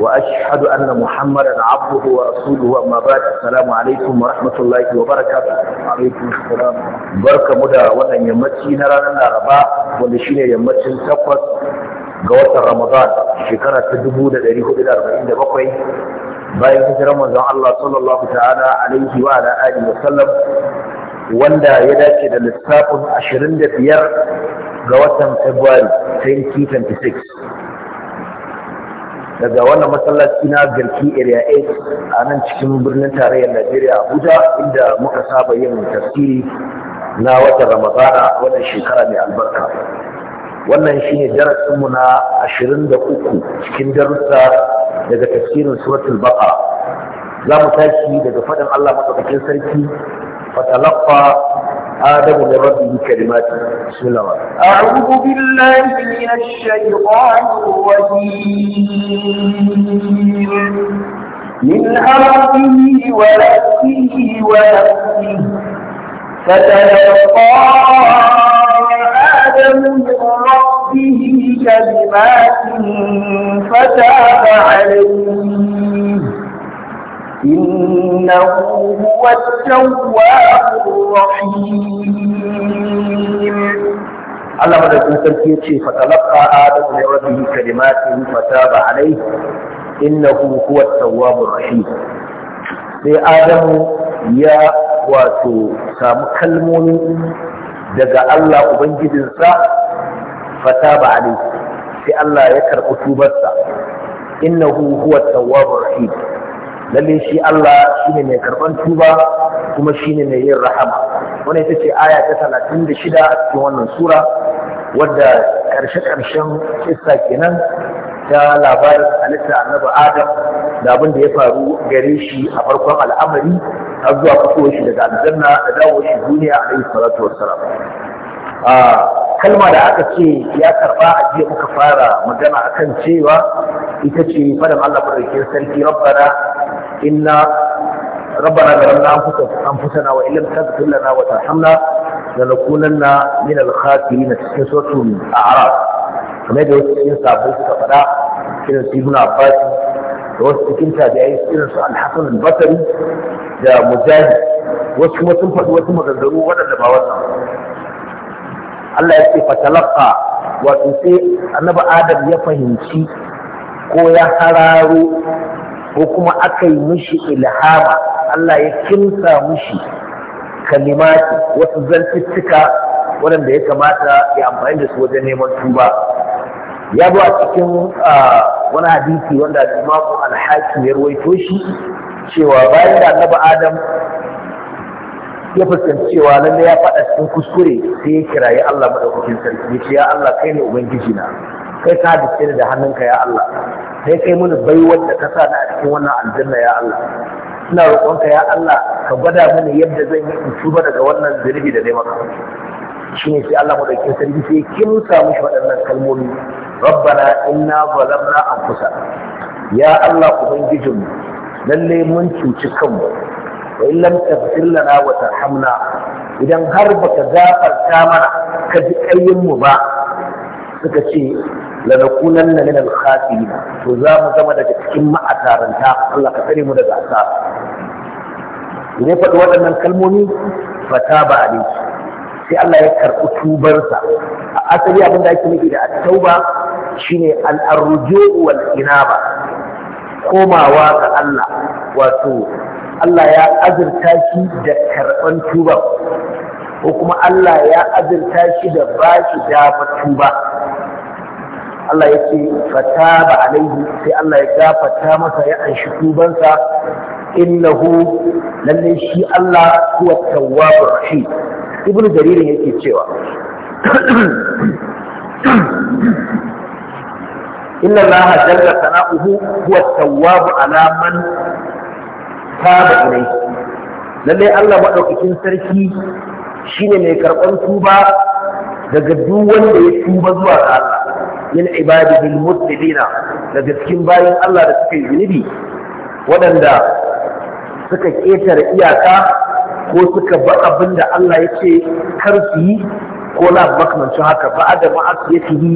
واشهد ان محمدا عبده ورسوله اما بعد السلام عليكم ورحمه الله وبركاته وعليكم السلام بركه مدى wannan yammaci na ranar Laraba wanda shine yammacin takwas ga watan Ramadan shekara ta 1447 bayan hijirar manzon Allah sallallahu ta'ala alaihi wa sallam wanda ya dace da lissafin da biyar ga watan February 2026 daga wannan masallaci na garki area 8 a nan cikin birnin tarayyar najeriya abuja inda muka saba yin tafsiri na watan ramadana wannan shekara mai albarka wannan shine darasinmu na 23 cikin darussa daga tafsirin suratul baka za mu tashi daga faɗin allah maɗaukakin sarki fatalaffa آدم من ربه كلمات بسم الله أعوذ بالله من الشيطان الرجيم من حرمه ونفسه ونفسه فتلقى آدم من ربه كلمات فتاب عليه إنه هو التواب الرحيم Allah madaukin sarki ya ce fatalaka adam ne rabbihi kalimatin fataba alai innahu huwa sai Adamu ya wato samu kalmomi daga Allah ubangijinsa fataba alai sai Allah ya karɓi tubarsa innahu huwa tawwabur rahim lalle shi Allah shine mai karban tuba kuma shine mai yin rahama wannan ita ce aya ta 36 a cikin wannan sura wadda karshe karshen kissa kenan ta labarin halitta annabi Adam da abin da ya faru gare shi a farkon al'amari har zuwa fitowar shi daga aljanna da dawo shi duniya alaihi salatu wassalam kalma da aka ce ya karba a jiya muka fara magana akan cewa ita ce fadan Allah madaukakin sarki rabbana إنا ربنا ظلمنا أنفسنا وإن لم تغفر لنا وترحمنا لنكونن من الخاسرين في سورة الأعراف كما يقول سيدنا صاحب السفراء كان سيدنا عباس wasu cikin tabi'ai irin su alhassan albasari da mujahid wasu kuma sun faɗi wasu waɗanda Allah ya ce fatalaka wato sai annabi adam ya fahimci ko ya hararo ko kuma aka yi mishi ilhama Allah ya kinsa mishi kalimati wasu zantuttuka waɗanda ya kamata ya amfani da su wajen neman tuba ya ba a cikin wani hadisi wanda imamu alhaki ya ruwaito shi cewa bayan da annabi adam ya fuskanci cewa lalle ya faɗa cikin kuskure sai ya kirayi Allah madaukakin sarki ya ce ya Allah kai ne ubangiji na kai ka hadice da hannunka ya Allah Sai kai mana baiwar da ka sa na a cikin wannan aljanna ya Allah ina roƙonka ya Allah ka gwada mana yadda zan yi in tuba daga wannan zunubi da dai maka shine sai Allah madaukakin sarki sai kimsa mishi waɗannan kalmomi rabbana inna zalamna anfusana ya Allah ubangijinmu lalle mun cuci kanmu wa in lam lana wa tarhamna idan har baka gafarta mana ka ji kayyin mu ba suka ce lanakunan na minal khasirin to za mu zama daga cikin ma'asaranta Allah ka tsare mu daga asara ya faɗi waɗannan kalmomi fata ba a sai Allah ya karɓi tubarsa a asali abin da ake nufi da at-tauba shine al-arju'u wal inaba komawa ga Allah wato Allah ya azurta shi da karɓan tuba ko kuma Allah ya azurta shi da bashi dama tuba Allah ya ce fata ba alaihi sai Allah ya gafata masa ya anshi tubansa innahu lalle shi Allah huwa tawwabur rahim ibnu jarir yake cewa inna Allah jalla sana'uhu huwa tawwab ala man taba ilayhi lalle Allah madaukakin sarki shine mai karban tuba daga duk wanda ya tuba zuwa ga min ibadihi almuslimina daga cikin bayin Allah da suka yi zunubi waɗanda suka ƙetare iyaka ko suka ba abin da Allah ya ce kar su yi ko na makamancin haka ba a da ma'asiyatihi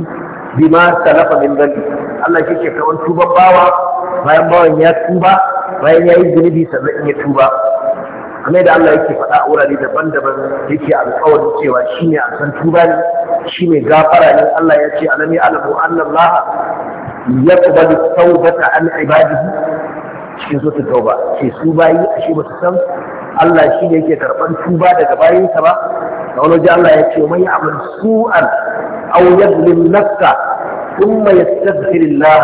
bima salafa min dhanbi Allah ya ce kawan tuban bawa bayan bawan ya tuba bayan ya yi zunubi sannan ya tuba kamar da Allah yake faɗa a wurare daban-daban yake alƙawarin cewa ne a san tuba ne shi mai gafara ne Allah ya ce alami alamu Allah ya kubalu taubata an ibadihi cikin sotu tauba ce su bayi a ba su san Allah shi ne yake karɓar tuba daga bayinsa ba da wani waje Allah ya ce mai amal su'an aw yadlim nafsa thumma yastaghfirullah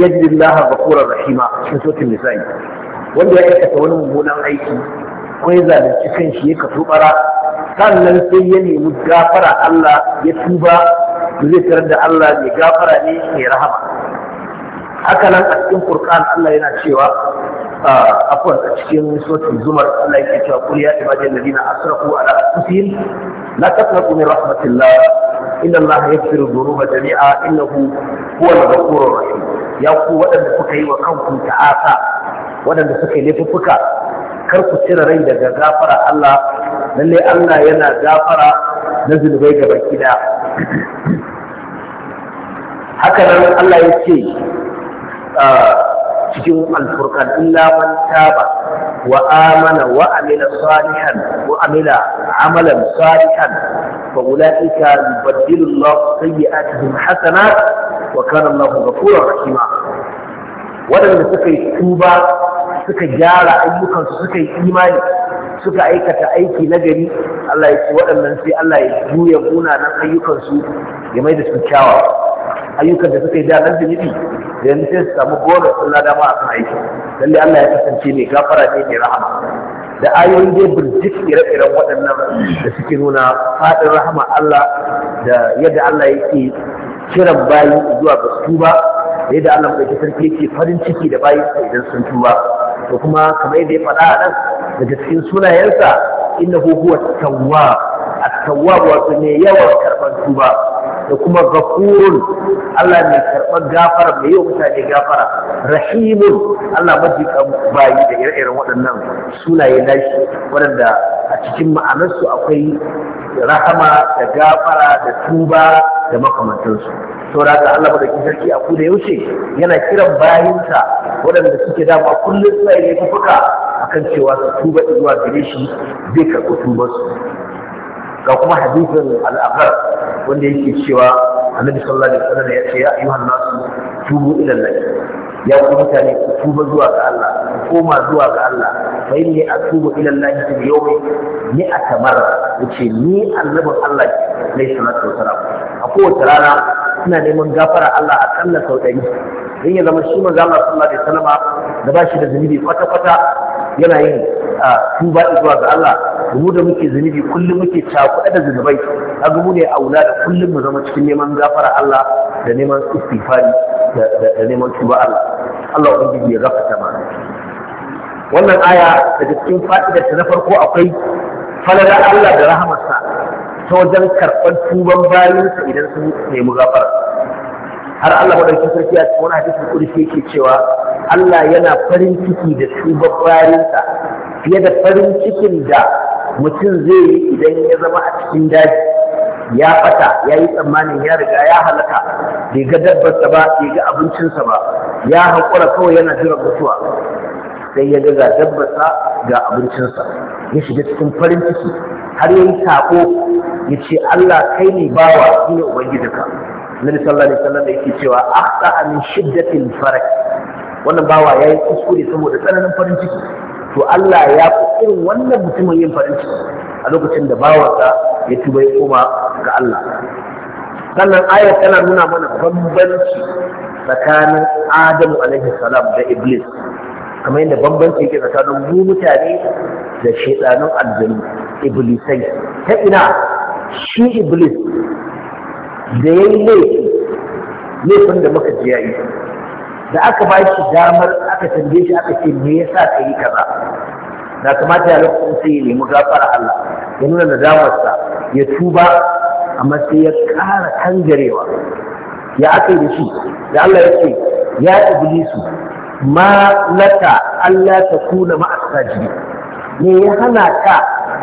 yajidullah ghafurur rahima cikin sotu nisa'i wanda ya aikata wani mummunan aiki ko ya zalunci shi ya kaso bara sannan sai ya nemi gafara Allah ya tuba zai tarar da Allah mai gafara ne mai rahama haka nan a cikin Qur'an Allah yana cewa afwan a cikin suratul zumar Allah yake cewa qul ya ibadal ladina asrafu ala anfusihim la taqnatu min rahmatillah inna Allah yaghfiru dhunuba jami'a innahu huwal ghafurur rahim ya ku waɗanda kuka yi wa kanku ta'asa waɗanda suka yi laifuffuka kar ku cire rai daga gafara Allah lalle Allah yana gafara na zunubai gaba gida. haka nan Allah ya ce ah, cikin alfurkan illa man taba wa amana wa amila salihan wa amila amalan salihan fa ulaika yubaddilu Allah sayyi'atihim hasanat wa kana Allahu ghafurur rahima wadanda suka yi tuba suka gyara ayyukansu suka yi imani suka aikata aiki na gari Allah ya ce waɗannan sai Allah ya juya munanan ayyukansu ya mai da su ayyukan da suka yi da nan zunubi da yanzu sai su samu bonus sun lada ma kan aiki lalle Allah ya kasance mai gafara ne mai rahama da ayoyin dai birjik ire-iren waɗannan da suke nuna faɗin rahama Allah da yadda Allah yake kiran bayi zuwa ga tuba yadda Allah mai sarki yake farin ciki da bayi idan sun tuba da kuma kamar yadda ya faɗa a nan daga cikin sunayensa innahu huwa tawwab at-tawwab wato ne yawan karban tuba da kuma ghafurun Allah mai karban gafara mai yau mutane gafara rahimun Allah mafi bayi da ire-iren waɗannan sunaye nashi waɗanda a cikin ma'anarsu akwai rahama da gafara da tuba da makamantansu Saura ga Allah da sarki a kuda yaushe yana kiran bayinsa waɗanda suke dama kullum suna yi fuka kan cewa su tuba zuwa gare shi zai karɓi tubarsu ga kuma hadisin al'akar wanda yake cewa annabi sallallahu alaihi wasallam ya ce ya ayyuhan nasu tubu ila Allah ya ku mutane ku tuba zuwa ga Allah ku koma zuwa ga Allah fa inni atubu ila Allah fil yawmi a marra yace ni annabin Allah ne sallallahu alaihi wasallam a kowace rana suna neman gafara Allah akalla sau ɗari don ya zama shi manzo Allah sallallahu alaihi wasallam da ba shi da zunubi kwata kwata yana yin tuba zuwa ga Allah mu da muke zunubi kullum muke cakuɗa da zunubai kaga mu ne aula da kullum mu zama cikin neman gafara Allah da neman istighfari da neman tuba Allah Allah ubangiji ya gafarta mana wannan aya daga cikin fa'idar ta na farko akwai falalar Allah da rahamarsa ta wajen karɓar tuban bayansa idan sun nemi gafara har Allah madaukakin sarki a cikin wani hadisin kurfi yake cewa Allah yana farin ciki da tuban bayansa fiye da farin cikin da mutum zai yi idan ya zama a cikin daji ya fata ya yi tsammanin ya riga ya halaka bai ga dabbarsa ba bai ga abincinsa ba ya haƙura kawai yana jiran mutuwa sai ya ga ga dabbarsa ga abincinsa ya shiga cikin farin ciki har yi saƙo ya ce Allah kai ne bawa ni ne ubangijinka Nabi sallallahu alaihi wasallam yake cewa akhta min shiddatil farak. wannan bawa yayi kuskure saboda tsananin farin ciki to Allah ya fi irin wannan mutumin yin farin ciki a lokacin da bawansa ya tuba ya koma ga Allah sannan ayat tana nuna mana bambanci tsakanin Adamu alaihi salam da Iblis kamar yadda bambanci ke tsakanin mu mutane da shedanun aljanu iblisai ta ina shi iblis da ya yi laifi laifin da muka ji ya yi da aka ba shi damar aka tambaye shi aka ce me yasa ka yi kaza na kamata ya lokacin sai ya nemi gafara Allah ya nuna nadamarsa ya tuba amma sai ya ƙara kangarewa ya aka yi da shi da Allah ya ce ya iblisu ma laka Allah ta kuna ma me ya hana ka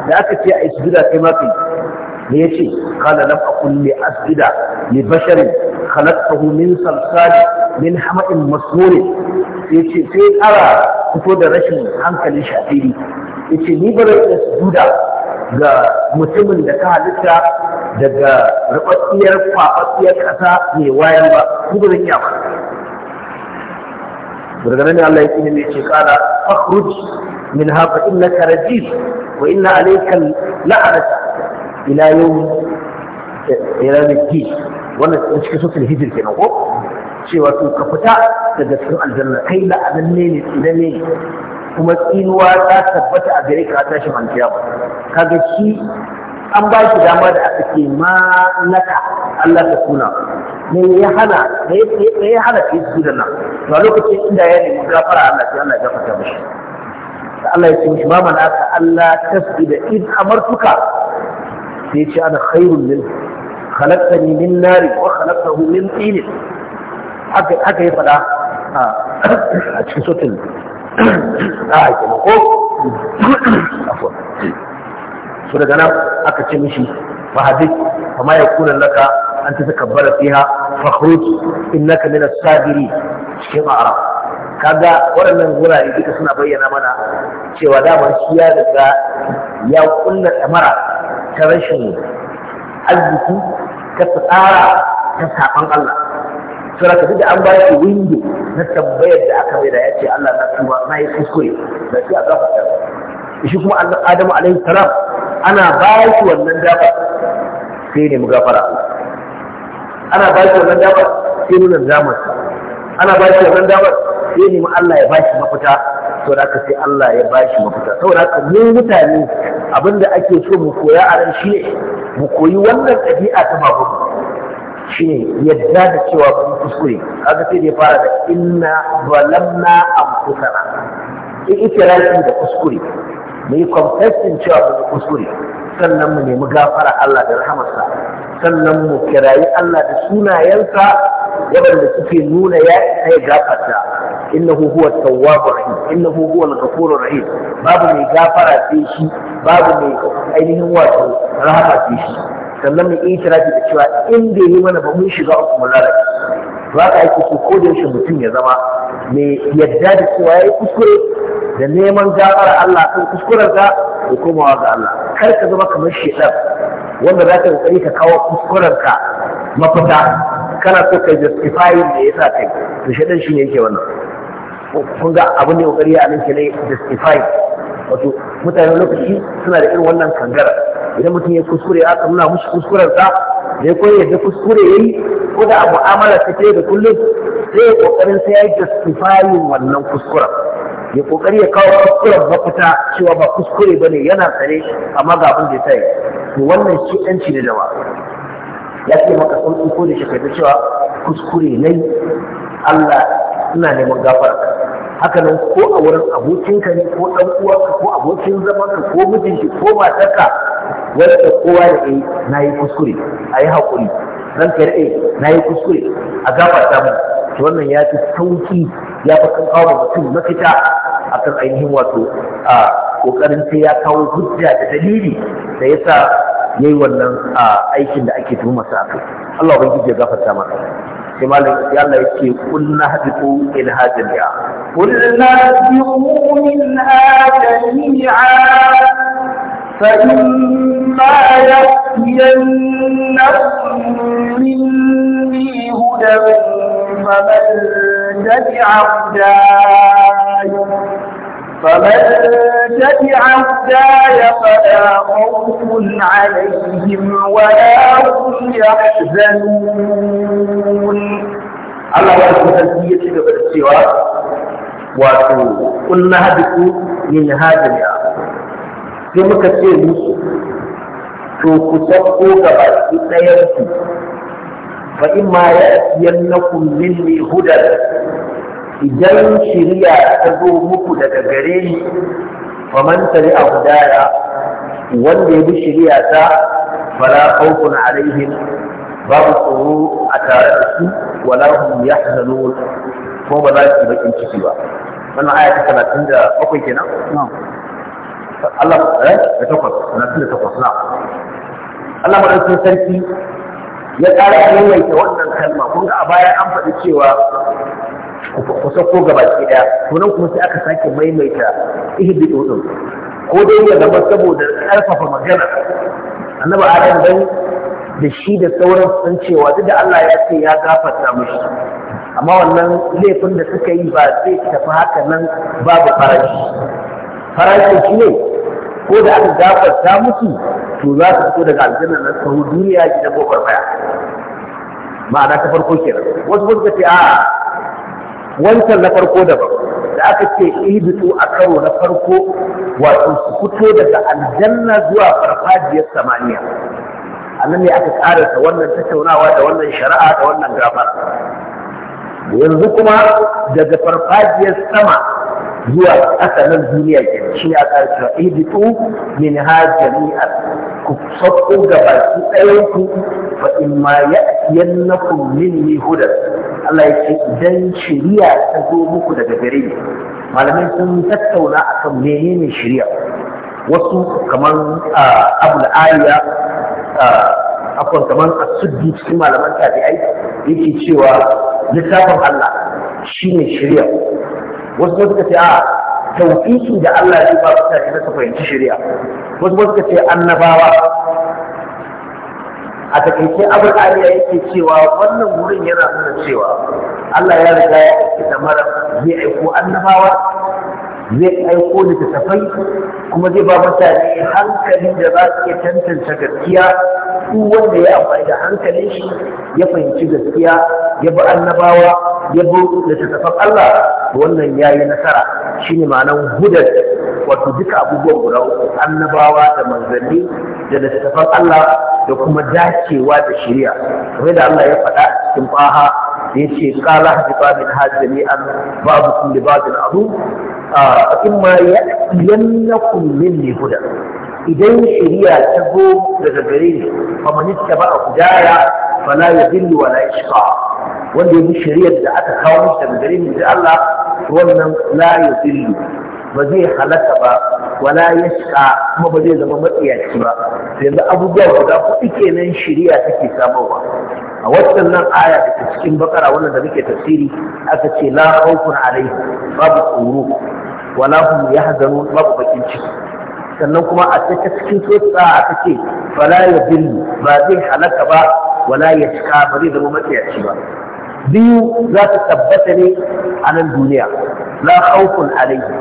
da aka ce a gida kai ma kai me yace qala lam ne li asjuda li bashar khalaqtahu min salsal min hama'in ya yace sai ara fito da rashin hankalin shafiri yace ni ba zan isjuda ga mutumin da ka halitta daga rubatsiyar kwafatsiyar kasa mai wayan ba ni ba zan iya ba daga nan ne Allah ya kini mai ce kala fakhruj min hafa innaka rajim wa inna alayka la'anata ila yawm ila yawm wannan cikin sufil hijr kenan ko cewa to ka fita daga cikin aljanna kai la'ananne ne tsira ne kuma tsinuwa ta tabbata a gare ka tashin ba kaga shi an ba shi dama da aka ce ma naka Allah ta kuna me ya hana me ya hana ke su da nan to a lokacin inda ya nemi gafara Allah sai Allah ya gafarta mishi Allah ya ce mishi ma mana aka Allah tasbida in amartuka sai ce ana khairun min khalaqtani min nari wa khalaqtahu min tin haka haka ya fada a cikin sotin a kenan ko afwan so daga nan aka ce mishi فهدك فما يكون لك أن تتكبر in naka إنك من الصابرين شيء أعرف kaga waɗannan wurare duka suna bayyana mana cewa damar shi ya riga ya kulla ta rashin arziki ta tsara ta saban Allah sura ka da an ba shi windo na tambayar da aka mai da yace ce Allah na tuba na yi kuskure da shi a gafa shi kuma Adamu alaihi ana ba shi wannan dafa sai ne mu gafara ana ba shi wannan dafa sai nuna zamar ana ba shi wannan dafa sai ne Allah ya ba shi mafita saboda haka sai Allah ya ba shi mafita saboda haka mu mutane abinda ake so mu koya a ran shi ne mu koyi wannan ɗabi'a ta babu shi ne yadda da cewa mu kuskure kaga sai da fara da inna zalamna anfusana in ikirarin da kuskure mu yi confession cewa mu kuskure sannan mu nemi gafara Allah da rahamarsa sannan mu kirayi Allah da sunayensa da suke nuna ya ya gafarta innahu huwa tawwabur rahim innahu huwa al-ghafurur rahim babu mai gafara sai shi babu mai ainihin wato rahama sai shi sannan mu yi tirafi da cewa in da yi mana ba mun shiga uku mun lalace to ka aiki su ko da yaushe mutum ya zama mai yadda da cewa ya yi kuskure da neman gafarar Allah kan kuskurar ka da komawa ga Allah kar ka zama kamar shedan wanda za ka kokari ka kawo kuskuren ka mafita kana so ka justify da yasa kai to shedan shine yake wannan kun ga abin da kokari a nan ke ne justify wato mutane lokaci suna da irin wannan kangara idan mutum ya kuskure aka nuna mushi kuskuren sa da ko yadda kuskure yayi ko da mu'amala ta ce da kullum sai ya kokarin sai ya justify wannan kuskuren ya kokari ya kawo kuskuren mafita cewa ba kuskure bane yana tsare amma ga abin da ya sai to wannan shi ɗanci ne da ba ya ce maka sauki ko da shi kai cewa kuskure nai Allah ina neman gafara haka nan ko a wurin abokinka ne ko ɗan uwanka ko abokin zamanka ko mijinki ko matarka da kowa da ai na yi kuskure a yi haƙuri ran ka na yi kuskure a ta mu wannan ya fi sauki ya fi kan kawo mutum mafita kan ainihin wato a ƙoƙarin sai ya kawo hujja da dalili da ya sa ya yi wannan aikin da ake tuhumarsa a kai Allah ubangiji ya gafarta maka sai malam sai Allah yake kullu hadiku ila hajaliya kullu hadiku min hajaliya فإما يأتينكم مني هدى فمن تبع هداي فمن تبع هداي فلا خوف عليهم ولا هم يحزنون الله عز وجل في السوى وقل نهبطوا من هذا الياء ثم كثير يوسف توكو سبقو كبارك فإما يأتينكم مني هدى idan shirya ta zo muku daga gare ni fa man tari a hudaya wanda ya bi shirya ta fala khawfun alaihim babu tsoro a tare da su wala hum yahzanun ko ba za su bakin ciki ba wannan aya ta 37 kenan Allah eh da takwas 38 na Allah madaukakin sarki ya ƙara yawaita wannan kalma kun a baya an faɗi cewa ku sauko gaba ki daya sunan kuma sai aka sake maimaita ihbitu din ko dai ya zama saboda karfafa magana annabi adam dan da shi da sauran sun cewa duk da Allah ya ce ya gafarta mushi amma wannan laifin da suka yi ba zai tafi haka nan babu farashi farashi shi ne ko da aka gafarta musu to za su fito daga aljanna na sahu duniya gidan gobar baya ma'ana ta farko kenan wasu suka ce a'a wancan na farko daban da aka ce ihbitu a karo na farko wato su fito daga aljanna zuwa farfajiyar samaniya annan ne aka karasa wannan tattaunawa da wannan shari'a da wannan gafar. yanzu kuma daga farfajiyar sama zuwa asalin duniya ke shi ya karfa ihbitu min ha jami'ar ku sauko ga baki ɗayan ku fa in ma ya'tiyannakum minni hudan Allah ya ce idan shari'a ta zo muku daga gare ni malamai sun tattauna akan menene shari'a wasu kamar abu da aliya akwai kamar asuddi cikin malaman tabi'ai yake cewa littafin Allah shi ne shari'a wasu suka ce a tawfiki da Allah ya ba su tafi na fahimci shari'a wasu ba suka ce annabawa a takaice abin ariya yake cewa wannan wurin yana nuna cewa Allah ya riga ya aiki da mara zai aiko annabawa zai aiko littattafai kuma zai ba mutane hankalin da za su iya tantance gaskiya duk wanda ya amfani da hankalin shi ya fahimci gaskiya ya bi annabawa ya bi littattafan Allah wannan ya yi nasara shine ma'anar hudar wato duka abubuwan guda uku annabawa da manzanni da littattafan Allah da kuma dacewa da shirya kamar da Allah ya faɗa cikin baha da ya ce kala hajjiba min hajjami an babu kulli babin abu a in ma ya yannakum huda idan shari'a ta zo daga gare ni fa man ittaba hudaya fala yadillu wala yashqa wanda ya bi shari'ar da aka kawo mishi daga gare ni da Allah wannan la yadillu ba zai halaka ba wala yashqa kuma ba zai zama matsiyaci ba yanzu abubuwa guda kuɗi kenan shari'a take samarwa a wannan nan aya da cikin bakara wannan da muke tafsiri aka ce la khawfun babu tsoro wala hum yahzanun babu bakin ciki sannan kuma a ta cikin tsotsa aka ce fala yadillu ba zai halaka ba wala yashka ba zai zama matsayaci ba biyu za ta tabbata ne a nan duniya la khawfun alaihi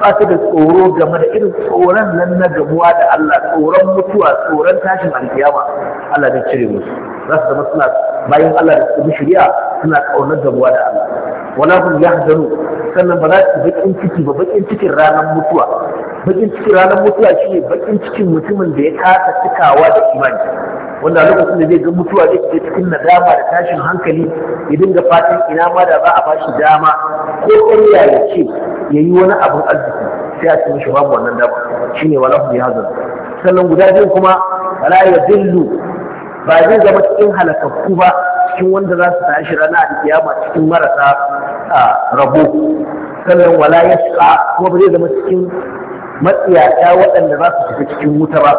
ba su da tsoro game da irin tsoron nan na gamuwa da Allah tsoron mutuwa tsoron tashin alkiyama Allah zai cire musu za su zama suna bayan Allah da su bi shari'a suna kaunar ruwa da Allah wala hum yahzanu sannan ba za su bakin ciki ba bakin cikin ranar mutuwa bakin cikin ranar mutuwa shine bakin cikin mutumin da ya kasa cikawa da imani wanda a lokacin da zai ga mutuwa zai ke cikin nadama da tashin hankali ya dinga fatan ina ma da za a bashi dama ko ƙarya ya ce ya yi wani abin arziki sai a cikin shi babu wannan dama shine wala hum yahzanu sannan guda biyu kuma wala yadillu ba zai zama cikin halakakku ba cikin wanda za su tashi rana a kiyama cikin marasa rabo sannan wala ya shiga kuma ba zai zama cikin matsiyata waɗanda za su shiga cikin wuta ba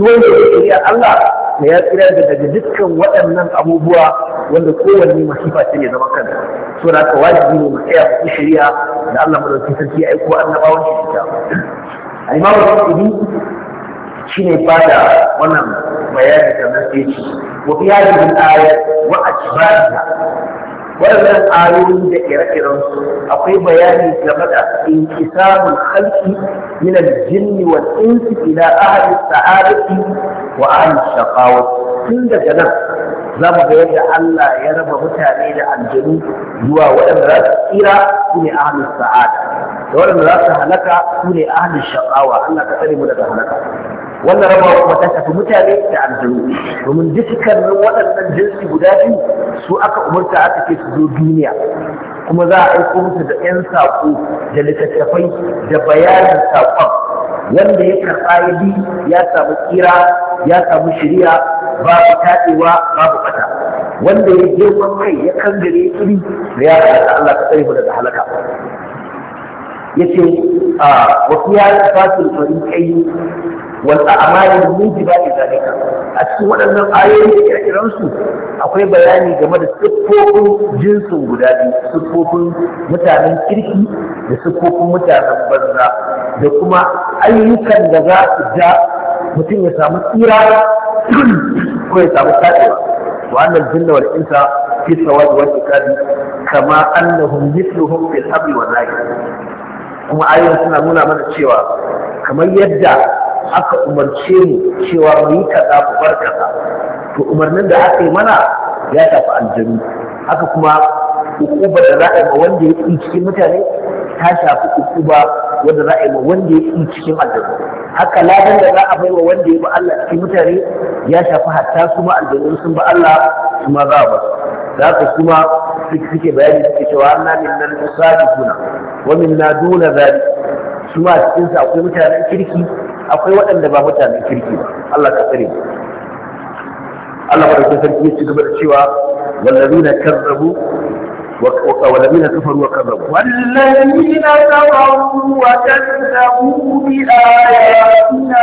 duwan da shari'a Allah da ya tsira da daga dukkan waɗannan abubuwa wanda kowanne masifa ce ne zama kanta so da haka wajibi ne mu tsaya ku da Allah madaukakin sarki ya aiko annabawan shi ta Imam Ibn shine ba da wannan bayani kamar sai ce wa fi hadhihi al-ayat wa asbabiha waɗannan ayoyi da ire-iren akwai bayani game da inkisamul khalqi min al-jinni wal ila ahli sa'adati wa ahli shaqawa tun daga nan za mu ga yadda Allah ya raba mutane da aljanu zuwa waɗanda za su tsira su ne ahli sa'ada da waɗanda za su halaka su ne ahalin shaqawa Allah ka tsare mu daga halaka wannan rabawa kuma ta tafi mutane da aljanu domin dukkanin waɗannan jinsi guda biyu su aka umarta aka ke su zo duniya kuma za a aiko musu da 'yan saƙo da littattafai da bayanin saƙon wanda ya karɓa ya bi ya samu kira, ya samu shirya babu taɗewa babu ɓata wanda ya girman kai ya kangare da ya halaka Allah ka tsare mu daga halaka yace a ah, wa qiyas fasil fariqai wal a'mal mujibat zalika a cikin waɗannan ayoyi da su akwai bayani game da siffofin jinsin guda biyu siffofin mutanen kirki da siffofin mutanen banza da kuma ayyukan da za su ja mutum ya samu tsira ko ya samu tadewa وأن الجن والإنس في السواد والإكاد كما أنهم مثلهم في الحبل والناجي kuma ayoyin suna nuna mana cewa kamar yadda aka umarce mu cewa mu yi kaza ku bar kaza to umarnin da aka yi mana ya tafi aljanu haka kuma hukuba da za a yi ma wanda ya yi cikin mutane ta shafi hukuba wanda za a yi ma wanda ya yi cikin aljanu haka ladan da za a bai wa wanda ya bi Allah cikin mutane ya shafi hatta su ma aljanu sun ba Allah su ma za a basu da haka kuma suke bayani suke cewa anna minnan musadifuna wa min duna zalik su ma cikin sa akwai mutanen kirki akwai waɗanda ba mutanen kirki ba Allah ka tsare Allah madaukakin sarki ya ci gaba da cewa wallazina kazzabu والذين كفروا وكذبوا والذين كفروا وكذبوا بآياتنا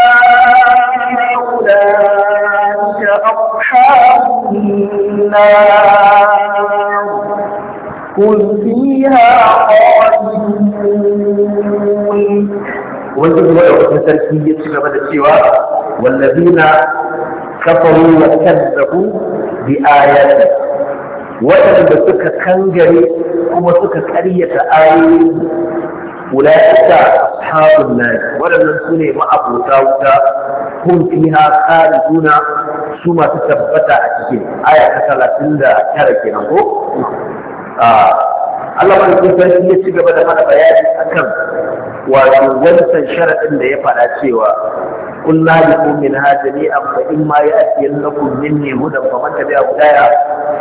أولئك أصحاب النار كن فيها خالدون وجدوا تركية من السوى والذين كفروا وكذبوا بآياته وجد سكة خنجري كما سكة كرية آي أولئك أصحاب الناس ولم نكن مع أبو hum fiha khaliduna su masu tabbata a cikin aya talatin da tara kenan ko Allah wani kun sarki ya ci gaba da mana bayani akan wato wancan sharaɗin da ya faɗa cewa قل لا لكم منها جميعا فإما يأتينكم مني هدى فمن تبع هدايا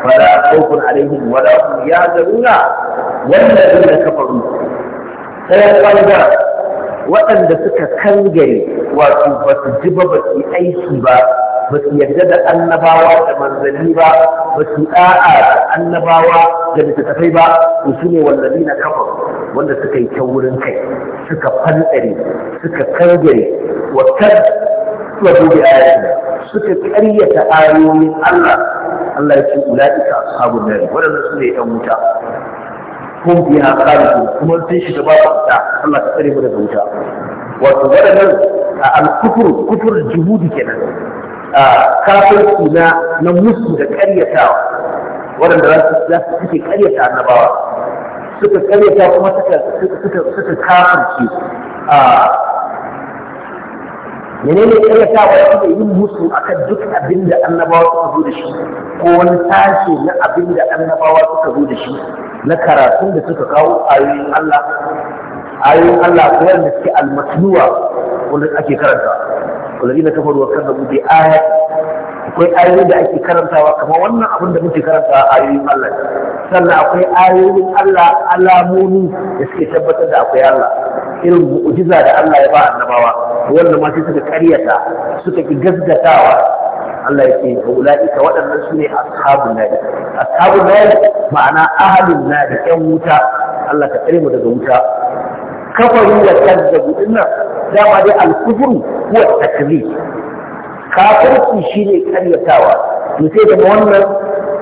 فلا خوف عليهم ولا هم يحزنون والذين كفروا سيقال waɗanda suka kangare wato ba su ji ba ba su aiki ba ba su yarda da annabawa da manzanni ba ba su da'a da annabawa da littattafai ba to su ne wallabi na kafa wanda suka yi wurin kai suka fantsare suka kangare wa kan wato bi ayati suka karyata ayoyin Allah Allah ya ce ulaika ashabun nar waɗanda su ne ɗan wuta Kun hum biha khalidun kuma sun shiga ba ta Allah ta tsare mu daga wuta wato wadannan al-kufur kufur juhudi kenan kafirci na na musu da ƙaryata waɗanda za su za su suke karyata annabawa suka karyata kuma suka suka suka kafirce a menene karyatawa suka yin musu akan duk abin da annabawa suka zo da shi ko wani sashe na abin da annabawa suka zo da shi na karatun da suka kawo ayoyin Allah ayoyin Allah ko wanda suke almatluwa wanda ake karanta walladina kafaru wa da muke ayati akwai ayoyi da ake karantawa kamar wannan abin da muke karanta ayoyin Allah sannan akwai ayoyin Allah alamomi da suke tabbatar da akwai Allah irin mu'jiza da Allah ya ba annabawa wannan ma sai suka karyata suka ki gaskatawa Allah yake ulaika waɗannan su ne ashabun nari ashabun nari ma'ana na da ƴan wuta Allah ka tsare mu daga wuta kafaru da kazzabu dinnan dama dai al-kufru huwa takzib kafirci shine karyatawa to sai da wannan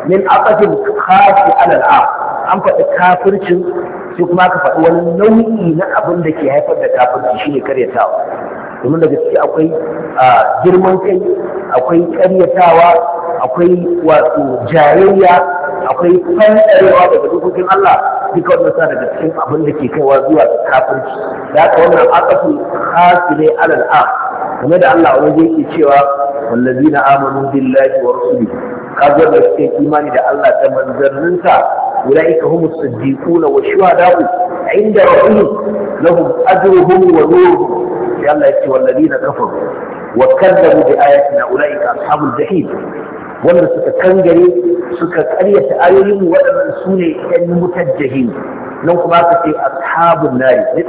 min aqatil khasi ala al an faɗi kafircin sai kuma ka faɗi wani nau'i na abin da ke haifar da kafirci shine karyatawa domin daga gaske akwai girman kai akwai karyatawa akwai wato jayayya akwai fantarewa daga dokokin Allah duka wannan sa daga cikin abin da ke kaiwa zuwa kafirci da aka wannan aqafu hasile alal a game da Allah wani ke cewa wallazina amanu billahi wa rasulihi kaga da suke imani da Allah da manzanninsa ulaika humus siddiquna wa shuhada'u inda rabbihim lahum ajruhum wa nuruhum sai Allah ya ce wallazina kafaru wa kadzabu bi ayatina ka ashabul jahim wanda suka kangare suka karyata ayoyin waɗannan sune ne ɗan mutar jahim nan kuma aka ce ashabun nari ne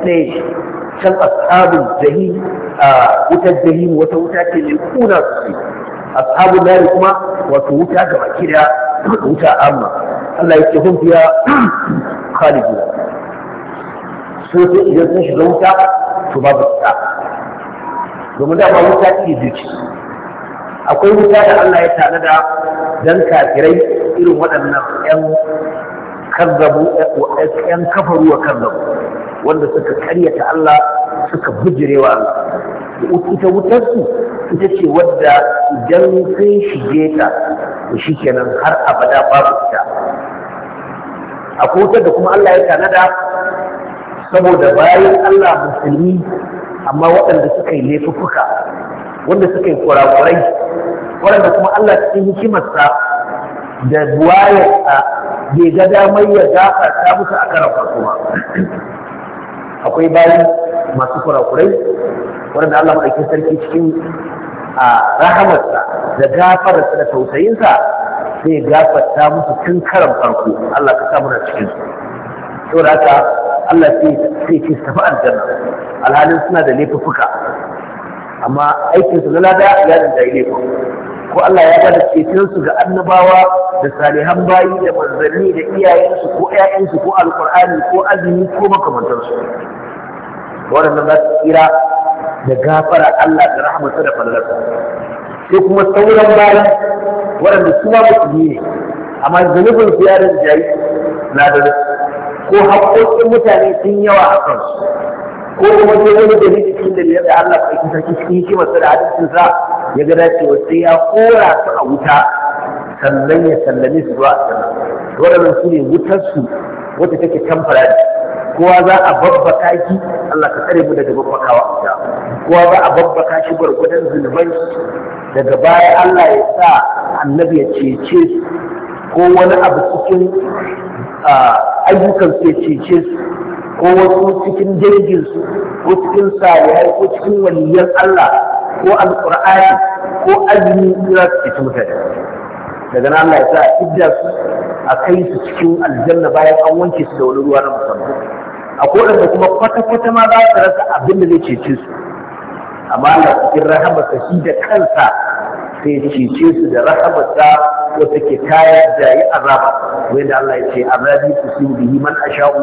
can ashabun jahim a wutar jahim wata wuta ce mai kuna sosai ashabun nari kuma wato wuta ga baki da wuta amma Allah ya ce hun fiya khalidu so sai idan sun shiga wuta to babu ta domin dama wuta ce zuci akwai wuta da Allah ya tana da dan kafirai irin waɗannan 'yan kazzabu 'yan kafaru wa wanda suka karyata Allah suka bijirewa Allah ita wutarsu ita ce wadda idan sun shige ta to shi kenan har abada babu ita Akwai wutar da kuma Allah ya tanada saboda bayan Allah musulmi amma waɗanda suka yi laifuka, wanda suka yi kurakurai waɗanda kuma Allah cikin hikimarsa da buwayarsa bai ga damar ya ta musu a karan farko ba akwai bayi masu kurakurai waɗanda Allah maɗaukin sarki cikin a rahamarsa da gafararsa da tausayinsa zai gafarta musu tun karan farko Allah ka sa muna cikin su saboda haka Allah sai sai su tafi aljanna alhalin suna da laifuka, amma aikinsu na lada ya dandayi laifin ko Allah ya bada cetonsu ga annabawa da salihan bayi da manzanni da iyayensu ko ƴaƴansu ko alƙur'ani ko azumi ko makamantansu waɗannan za su tsira da gafara Allah da rahmatu da falalarsa sai kuma sauran bayi waɗanda su ma musulmi ne amma zunubin su ya rinjayi na da ko haƙoƙin mutane sun yawa a kansu ko kuma sai wani dalili cikin dalilai da Allah bai kusa cikin hikimar sa da hadisin sa ya ga dacewa sai ya kora su a wuta sannan ya sallame su zuwa sannan waɗannan su ne wutar su wata take temporary kowa za a babbaka shi Allah ka tsare mu daga babbakawa wuta kowa za a babbaka shi gwargwadon zunuban daga baya Allah ya sa annabi ya cece su ko wani abu cikin ah, ayyukan su ya cece su ko wasu cikin danginsu ko cikin salihai ko cikin waliyar Allah ko alƙur'ani ko azumi za su ci mutane daga nan Allah ya sa idda su a kai su cikin aljanna bayan an wanke su da wani ruwa na musamman a da kuma kwata-kwata ma za su rasa abin da zai cece su amma Allah cikin rahamarsa shi da kansa sai cice su da rahamarsa ko take kayar da yi azaba wai da Allah ya ce azabi tusibu bihi man asha'u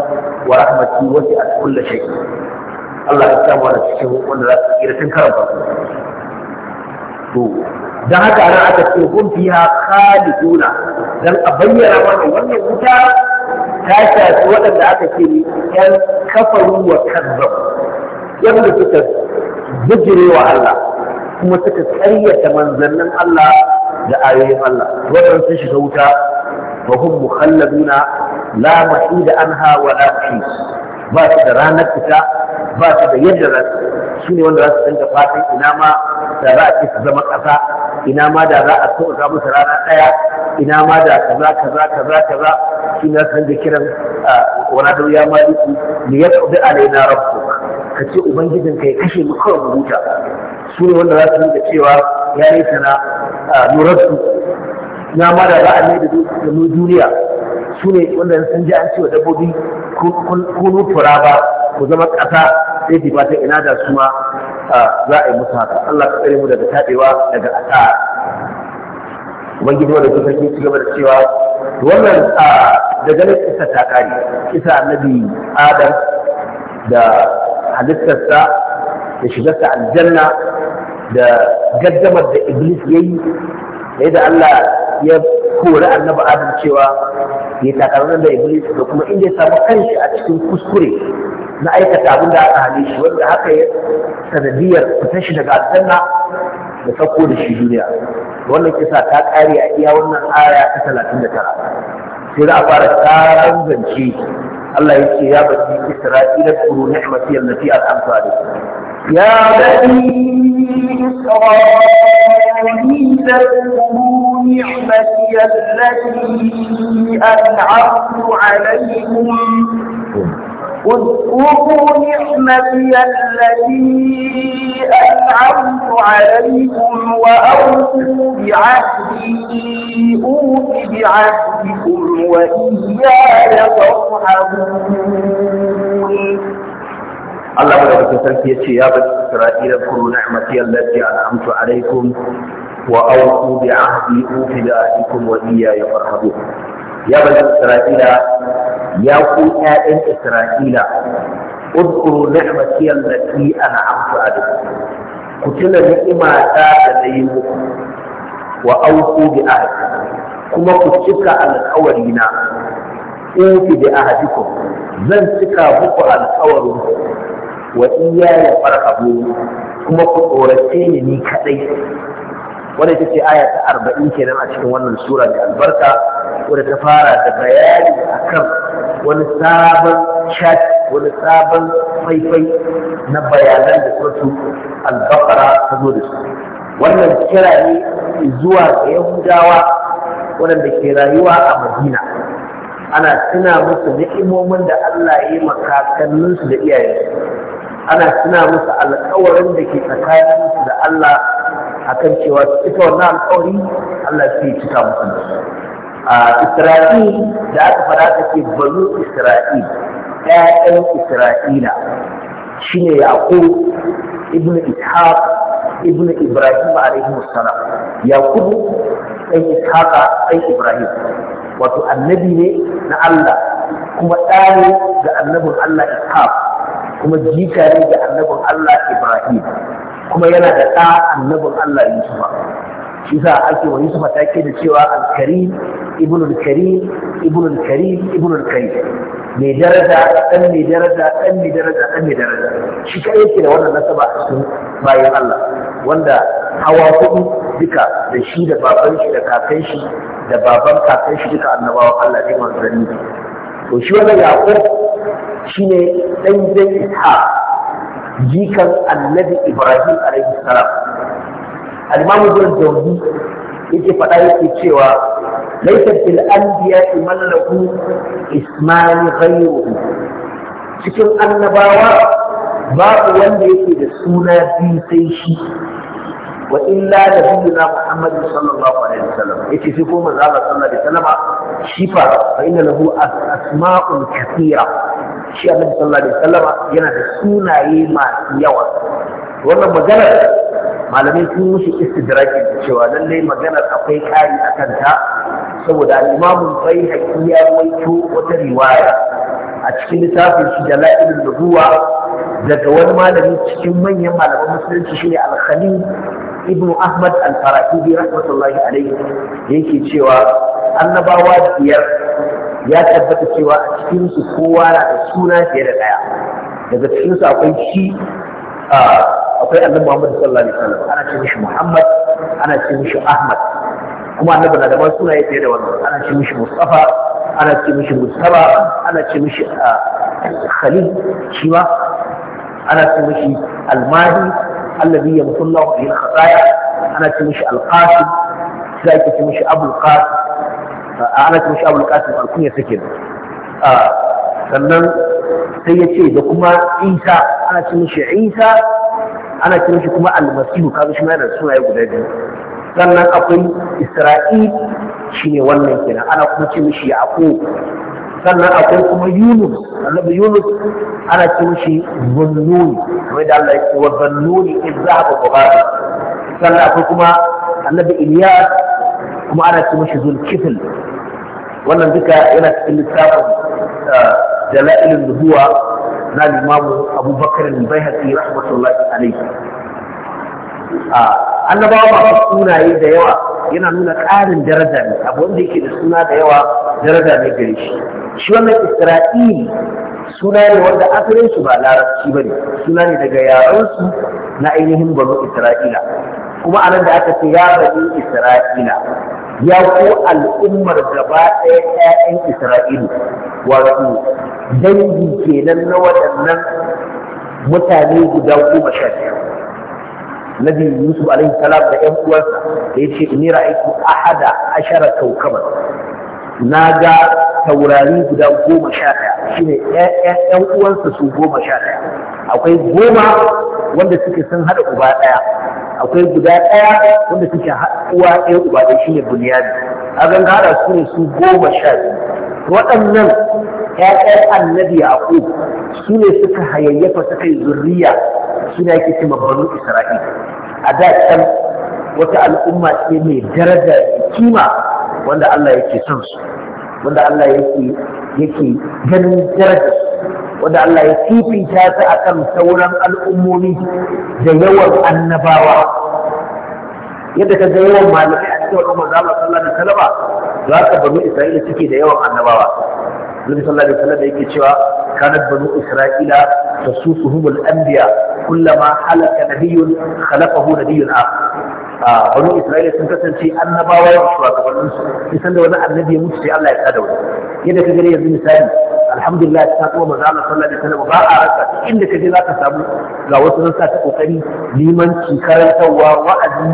wa rahmati wasi'at kulli shay Allah ya samu da cikin wanda za su kira tun karan farko to dan haka nan aka ce kun fiha khaliduna dan a bayyana mana wannan wuta ta shafi waɗanda aka ce yan kafaru wa kazzab yadda suka bijirewa Allah kuma suka tsayyata manzannin Allah da ayoyin Allah wannan shiga wuta wa hum mukhalladuna la mahida anha wa la ba su da ranar fita ba su da yadda za su ne wanda za su dinga fatan ina ma da za su zama ƙasa ina ma da za a sauka musu rana ɗaya ina ma da kaza kaza kaza kaza shi na san da kiran wani da ya maliki ne ya tsaudi alaina rabbuka ka ce ubangijinka ya kashe mu kawai mu huta su ne wanda za su yi da cewa ya yi sana a lurarsu na da za a mai da duniya su ne wanda sun ji an cewa dabbobi kunu turaba ku zama ƙasa sai ji ba ta ina da su ma za a yi musu haka Allah ka tsare mu daga taɗewa daga asara ubangiji wanda kuka ke ci gaba da cewa wannan daga nan kisa ta kare kisa annabi adam da halittarsa da shigarsa aljanna da gaddamar da iblis ya yi da Allah ya kori annabi adam cewa ya takarar da iblis da kuma inda ya samu kanshi a cikin kuskure na aikata abin da aka hane shi wanda haka ya sanadiyar fitar shi daga aljanna da sauko da shi duniya wannan kisa ta kare a iya wannan aya ta talatin da tara sai za a fara tsaron zance Allah ya ce ya bani Isra'ila kuru ni'mati allati an'amtu alaykum ya bani إسرائيل اذكروا نعمتي التي أنعمت عليكم اذكروا نعمتي التي أنعمت عليكم وأوفوا بعهدي أوف بعهدكم وإياي فارهبون Allah madaukakin sarki ya ce ya bani Isra'ila kuru ni'mati allati an'amtu alaikum wa bi ahdi ufi wa ya bani Isra'ila ya ku ƴaƴan Isra'ila udkuru ni'mati allati an'amtu alaikum ku tuna ni'ima ta da nayi muku wa awfu bi ahdi kuma ku cika alƙawari na ufi bi ahdikum zan cika muku alƙawarin wa iya ya farhabu kuma ku tsorace ni ni kadai wanda ita ce aya ta arba'in kenan a cikin wannan sura mai albarka wadda ta fara da bayani kan wani sabon chat wani sabon faifai na bayanan da suratu albakara ta zo da su wannan kira ne zuwa ga yahudawa waɗanda ke rayuwa a madina ana tuna musu ni'imomin da allah ya yi makakanninsu da iyayensu ana suna musu alkawarin da ke su da Allah akan cewa ita wannan alkawari Allah ke cika musu da a Isra'il da aka fara ta ke banu Isra'il yayan Isra'ila shine Yaqub ibn Ishaq ibn Ibrahim alaihi Yakubu, Yaqub ɗan Ishaq ɗan Ibrahim wato annabi ne na Allah kuma ɗani ga annabin Allah Ishaq kuma jika ne ga annabin Allah Ibrahim kuma yana da ɗa annabin Allah Yusufa shi sa ake wa Yusufa take da cewa al-karim ibn al-karim ibn al-karim ibn al-karim mai daraja dan mai daraja dan mai daraja dan mai daraja shi ka yake da wannan nasaba a cikin bayan Allah wanda hawa kuɗi duka da shi da baban shi da kakan shi da baban kakan shi duka annabawan Allah ne manzanni to shi wannan Yaqub shine dan jan ishaq jikan annabi ibrahim alaihi salam al-imam ibn jawzi yake faɗa yake cewa laysa fil anbiya'i man lahu ismani ghayruhu cikin annabawa babu wanda yake da suna biyu sai shi wa illa na muhammad sallallahu alaihi wasallam yace sai ko manzo Allah sallallahu alaihi wasallam shi fa fa inna lahu asma'un kathira shi annabi sallallahu alaihi wasallam yana da sunaye masu yawa wannan magana malamai sun musu istidraki cewa lalle maganar akwai kari akan ta saboda al-imamu bayhaqi ya waito wata riwaya a cikin littafin shi da la'ilul daga wani malami cikin manyan malaman musulunci shine al-khalil ibnu ahmad al-farahidi rahmatullahi alaihi yake cewa annabawa biyar ya tabbata cewa a cikin su kowa na da suna fiye da daya daga cikin su akwai shi akwai annabi Muhammad sallallahu alaihi wasallam ana ce mishi Muhammad ana ce mishi Ahmad kuma annabi na da ma suna fiye da wannan ana ce mishi Mustafa ana ce mishi Mustafa ana ce mishi Khalid shi ana ce mishi Al-Mahdi alladhi yamsullahu bihi al-khataya ana ce mishi Al-Qasim sai ake ce mishi Abu Qasim ana cin shi abul qasim alkunya sake sannan sai ya ce da kuma isa ana cin shi isa ana cin shi kuma almasihu kaga shi ma yana sunaye guda biyu sannan akwai isra'il shi ne wannan kenan ana kuma ce mishi yaqub sannan akwai kuma yunus annabi yunus ana ce mishi zunnuni kamar da Allah ya ce wa zunnuni in zahaba gobara sannan akwai kuma annabi iliyas kuma ana ce mishi zulkifl wannan duka yana cikin littafin eh, jala'ilin nubuwa na limamu abubakar bai haƙi rahmatullahi alaihi ah, annabawa masu sunaye da yawa yana nuna ƙarin daraja ne abu wanda yake da suna da yawa daraja ne gare shi shi wannan isra'ili suna ne wanda asalin su ba larabci ba ne suna ne daga yaransu na ainihin banu isra'ila kuma a nan da aka ce ya bani isra'ila ya ko al'ummar gaba ɗaya ƴaƴan isra'ilu wato dangi kenan na waɗannan mutane guda goma sha biyar nabi yusuf alaihi salam da ƴan uwansa da ya ce ni ra'aytu ahada ashara kawkaban na ga taurari guda goma sha ɗaya shi ne ‘yan uwansa su goma sha ɗaya akwai goma wanda suke sun haɗa uba ɗaya akwai guda ɗaya wanda suke uwa ɗaya uba ɗaya shi ne buniyadi a ganga haɗa su ne su goma sha biyu waɗannan ‘ya'yan annabi yaƙub su ne suka hayayyafa suka yi zurriya su ne ake cima banu isra'ila a da can wata al'umma ce mai daraja kima wanda Allah yake son su wanda Allah yake yake ganin darajar wanda Allah ya fifita su akan sauran al'ummomi da yawan annabawa yadda ka ga yawan malamai a cikin al'ummar zama Sallah alaihi wasallam za ka banu Isra'ila suke da yawan annabawa Nabi sallallahu alaihi wasallam yake cewa kanat banu Isra'ila tasusuhumul anbiya kullama halaka nabiyyun khalafahu nabiyyun akhar a isra'ila sun kasance annabawa ya shugabannin su isan da wani annabi ya mutu sai Allah ya sa da wani yadda ka gani yanzu misali alhamdulillah ta tsawo maza Allah sallallahu alaihi wasallam ba a rasa inda ka je za ka samu ga wasu nan sa ta kokari ki karantarwa wa'azi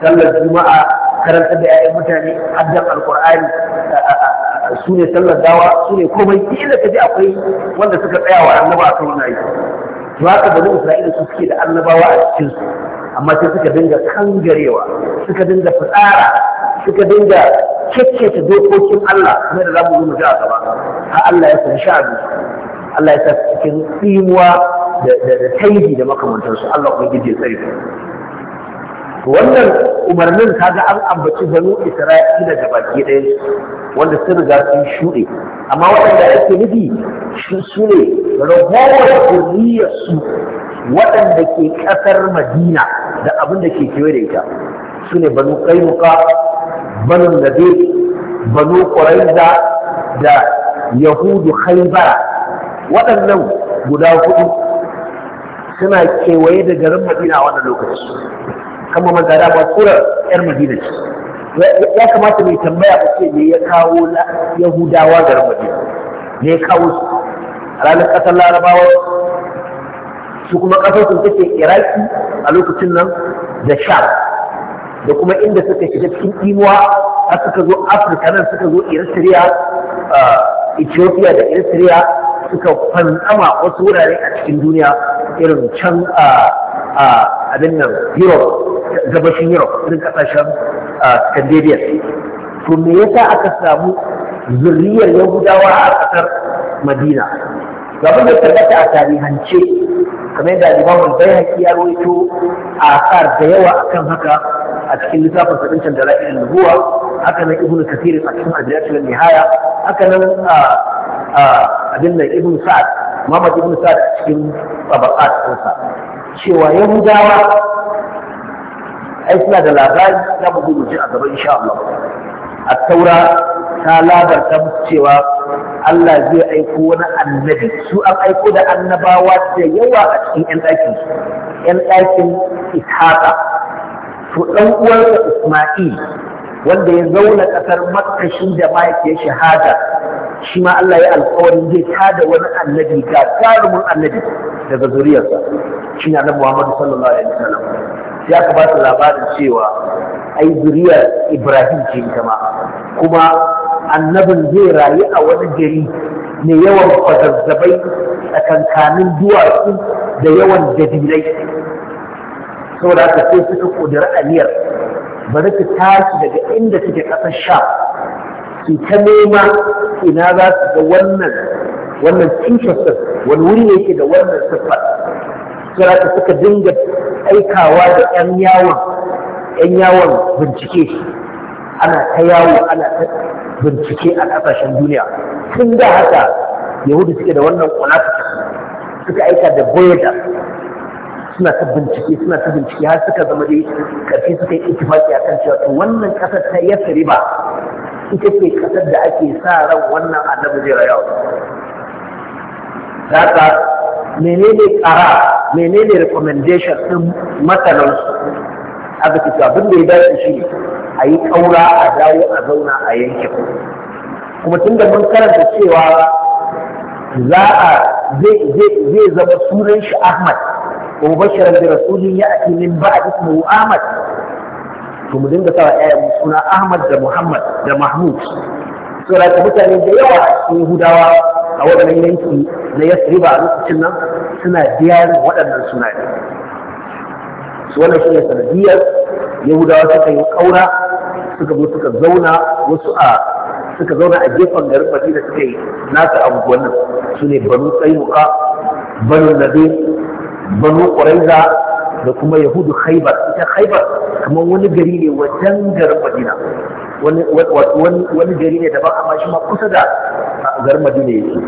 sallar juma'a karantar da 'ya'yan mutane haddan alqur'ani su ne sallar dawa su ne komai inda ka je akwai wanda suka tsaya wa annaba a kan wani aiki to haka bani isra'ila su suke da annabawa a cikin su amma sai suka dinga kangarewa suka dinga fitsara suka dinga ta dokokin Allah kamar da zamu mu ji a gaba har Allah ya san sha'abi Allah ya sa cikin tsimuwa da da taibi da makamantansu Allah ubangiji ya tsari wannan umarnin ga an ambaci banu isra'ila da baki ɗaya wanda sun riga sun shuɗe amma waɗanda ake nufi su ne ragowar su waɗanda ke ƙasar madina da abin da ke kewaye da ita su ne banu kaimuka banu nabe banu ƙuraiza da yahudu haibara waɗannan guda hudu suna kewaye da garin madina a wannan lokaci kan ma manta yar madina ce ya kamata mai tambaya ba ce me ya kawo yahudawa garin madina me ya kawo su ranar ƙasar larabawa su kuma ƙasar sun take iraki a lokacin nan da sham da kuma inda suka shiga cikin imuwa a suka zo afirka nan suka zo eritrea ethiopia da eritrea suka fantsama wasu wurare a cikin duniya irin can a abin nan europe gabashin Europe irin kasashen Scandinavia to me yasa aka samu zuriyar Yahudawa a kasar Madina gaban da tabbata a tarihance kamar yadda Imam al ya rawaito asar da yawa akan haka a cikin littafin sa dincin da ra'ayin nubuwa haka nan Ibn Kathir a cikin Adriyatul Nihaya haka nan abin nan Ibn Sa'ad Muhammad Ibn Sa'ad cikin Tabaqat ɗinsa cewa Yahudawa ai suna da labari za mu gudu a gaba insha Allah a taura ta labarta musu cewa Allah zai aiko wani annabi su an aiko da annabawa da yawa a cikin yan ɗakin yan ɗakin ishaqa to ɗan uwansa Isma'il wanda ya zauna kasar Makka shi da mahaifiyar shahada shi ma Allah ya alƙawarin zai tada wani annabi ga tarumin annabi daga zuriyarsa shi ne annabi sallallahu alaihi wasallam ya ka ba su labarin cewa ai zuriyar Ibrahim ce ita ma kuma annabin zai rayu a wani gari mai yawan kwazazzabai tsakankanin duwatsu da yawan dabilai saboda haka sai suka kodira aniyar bari su tashi daga inda suke ƙasar sha su ta nema ina za su ga wannan wannan wani wuri ne ke da wannan siffar kirata suka dinga aikawa da 'yan yawon 'yan yawon bincike ana ta yawo ana ta bincike a ƙasashen duniya tun da haka yahudu suke da wannan ƙunata suka aika da boyada suna ta bincike suna ta bincike har suka zama dai ƙarfi suka yi itifaki akan cewa to wannan ƙasar ta yasri ba ita ce ƙasar da ake sa ran wannan annabi zai rayuwa. menene kara menene recommendation ɗin matsalansu a bisa abin da ya dace shi ne a yi kaura a dawo a zauna a yanke kuma tun da mun karanta cewa za a zai zama sunan shi Ahmad wa bashar da rasulun ya ake min ba a ismu Ahmad to mu dinga sawa ƴaƴan suna Ahmad da Muhammad da Mahmud So da mutane da yawa Yahudawa a waɗannan yanki na riba a lokacin nan suna biyan waɗannan suna ne su wannan shi ne sanadiyar yahudawa suka yi ƙaura suka zo suka zauna wasu a suka zauna a gefen garin madina suka yi nasa abubuwan nan su ne banu tsayuka banu nabi banu ƙuraiza da kuma yahudu Haibar. ita Haibar kamar wani gari ne wajen garin madina wani gari ne daban amma shi ma kusa da garin madina yake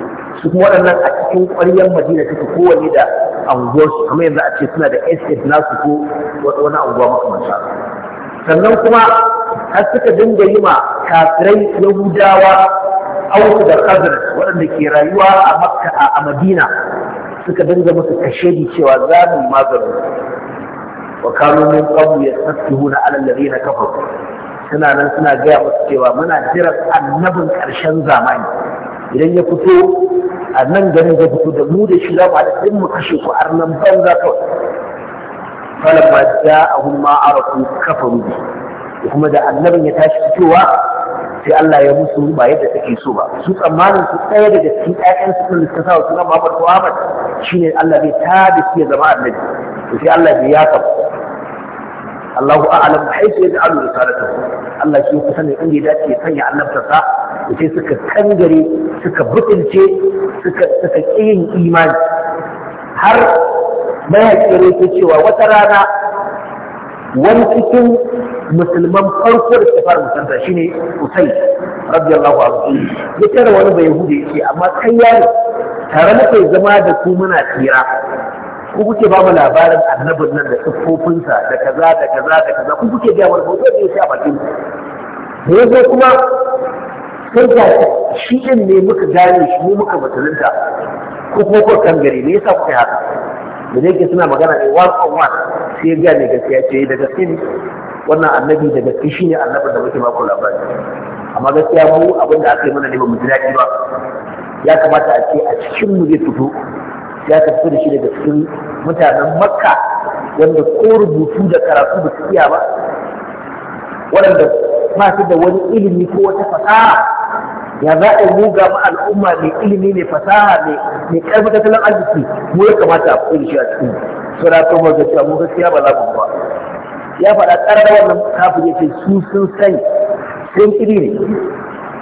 su kuma waɗannan a cikin ƙwaryar madina suka kowanne da anguwarsu kamar yanzu a ce suna da estate nasu ko wani anguwa makamanta sannan kuma har suka dinga yi ma kafirai yahudawa auku da kazar waɗanda ke rayuwa a makka a madina suka dinga musu kashedi cewa za mu magani wa kanu min qablu yastafihuna ala alladhina kafaru suna nan suna gaya musu cewa muna jiran annabin ƙarshen zamani idan ya fito a nan ganin zai fito da mu da shi za mu haɗa ɗin mu kashe ku a nan ban za ba falamma ja'ahum ma arafu kafaru bi kuma da annabin ya tashi fitowa sai Allah ya musu ba yadda take so ba su tsammanin su ɗaya daga cikin ƴaƴan su din suka sa sunan Muhammad Muhammad shine Allah bai ta shi ya zama annabi to sai Allah bai yaka Allahu a'lam haifu ya ja'alu risalatahu Allah shi ya sani inda ya dace ya sanya annabtarsa sai suka kangare suka butulce suka suka kiyin imani har mayaƙi ne ke cewa wata rana wani cikin musulman farko da tafar musanta shine Usai radiyallahu anhu ya tare wani bai hude ce amma kai yaro tare muke zama da ku muna tsira ku kuke ba mu labarin annabin nan da siffofinsa da kaza da kaza da kaza ku kuke gaya wani hoto da yake a bakin da yazo kuma sai ga shi din ne muka gane shi ne muka mutunta ko kuma ko kan gari ne yasa kuka haka da yake suna magana ne one on one sai ya gane gaskiya ce eh, da gaske ne wannan annabi da gaske ne annabin da muke ba ku labari amma gaskiya mu abin da aka yi mana ne ba mu ji daɗi ba ya kamata a ce a cikin mu zai fito ya tafi da shi daga cikin mutanen makka wanda ko rubutu da karatu ba su iya ba waɗanda ba su da wani ilimi ko wata fasaha ya za a muga ma al'umma mai ilimi mai fasaha mai ƙarfi tattalin arziki mu ya kamata a koyi shi a cikin Suna ta mu ga cewa mu gaskiya ba za mu ba ya faɗa ƙarar wannan kafin ya ce su sun sani sun iri ne